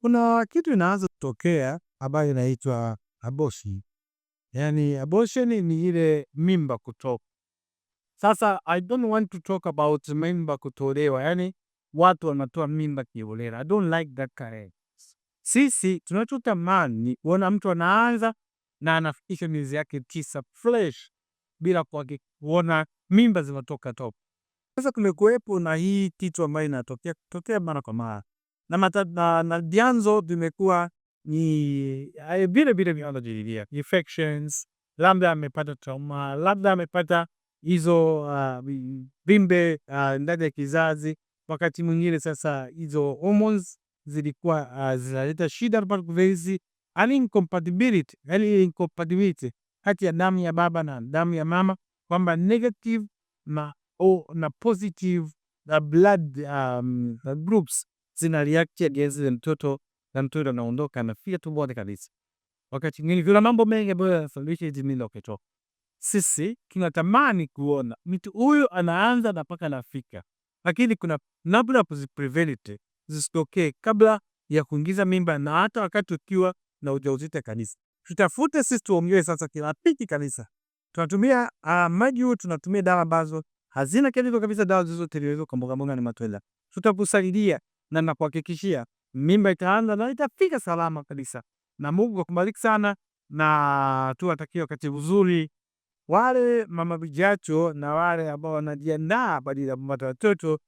kuna kitu inaanza kutokea ambayo inaitwa abortion. Yani, abortion ni ile mimba kutoka. Sasa I don't want to talk about mimba kutolewa, yani watu wanatoa mimba kiolela. I don't like that kind. Sisi tunachotamani kuona mtu anaanza na anafikisha miezi yake tisa fresh bila kuona mimba zinatoka top. Sasa kumekuwepo na hii kitu ambayo inatokea kutokea mara kwa mara na mata, na, na vyanzo vimekuwa ni eh, vile vile vinavyojirudia infections, labda amepata trauma, labda amepata hizo ah, vimbe uh, uh, ndani ya kizazi. Wakati mwingine sasa hizo hormones zilikuwa uh, zinaleta shida kuvezi an incompatibility, yani incompatibility kati ya damu ya baba na damu ya mama, kwamba negative na, oh, na positive the blood um, groups zina react against the mtoto na mtoto anaondoka na fear anafia tumboni kabisa. Wakati mwingine kuna mambo mengi ambayo yanasababisha hizi mila ukitoka. Sisi tunatamani kuona mtu huyu anaanza na paka anafika, lakini kuna namna ya kuziprevent zisitokee kabla ya kuingiza mimba, na hata wakati ukiwa na ujauzito kanisa. Tutafute sisi tuongee sasa kila piki kanisa. Tunatumia uh, ah, maji huyu, tunatumia dawa ambazo hazina kemikali kabisa, dawa zilizotengenezwa kwa mboga mboga na matunda. Tutakusaidia na nakuhakikishia mimba itaanza na itafika salama kabisa, na Mungu akubariki sana, na tuwatakia wakati mzuri wale mama vijacho na wale ambao wanajiandaa kwa ajili ya kupata watoto.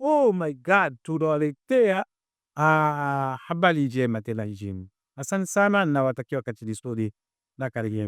Oh my God, tunawaletea ah, habari njema tena njema. Asante sana, nawatakia wakati mzuri na karibu.